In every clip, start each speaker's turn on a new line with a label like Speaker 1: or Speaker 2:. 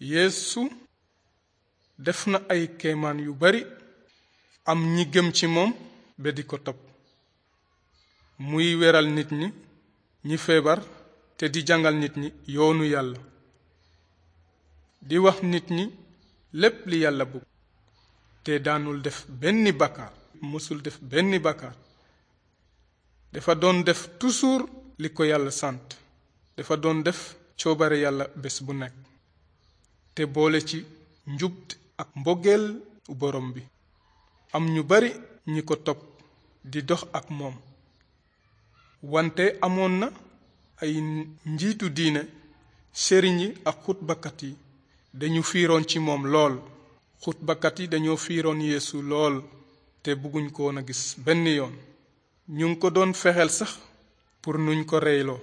Speaker 1: yeesu def na ay kéemaan yu bari am ñi gëm ci moom ba di ko topp muy weral nit ñi ñi feebar te di jàngal nit ñi yoonu yàlla di wax nit ñi lépp li yàlla bëgg te daanul def benn bàkkaar mësul def benn bàkkaar dafa doon def toujours li ko yàlla sant dafa doon def coobare yàlla bés bu nekk te boole ci njub ak mbogeel borom bi am ñu bari ñi ko topp di dox ak moom wante amoon na ay njiitu diine sëriñ yi ak xutbakat yi dañu fiiroon ci moom lool xutbakat yi dañoo fiiroon yéesu lool te bëgguñ ko woon a gis benn yoon ñu ngi ko doon fexeel sax pour nuñ ko reyloo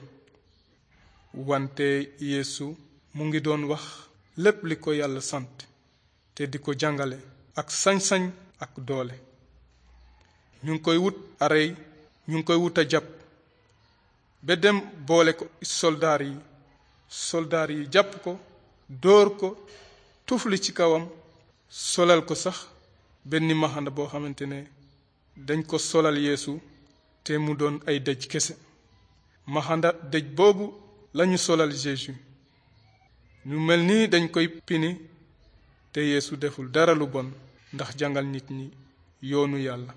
Speaker 1: wante yeesu mu ngi doon wax lépp li ko yàlla sant te di ko jàngale ak sañ-sañ ak doole ñu ngi koy wut arey ñu ngi koy wut a jàpp ba dem boole ko soldaar yi soldaar yi jàpp ko dóor ko tufli ci kawam solal ko sax benn maxana boo xamante ne dañ ko solal yéesu te mu doon ay dëj kese maxanda dëj boobu lañu solal Jésus ñu mel ni dañ koy pini te yeesu deful dara lu bon ndax jàngal nit ñi yoonu yàlla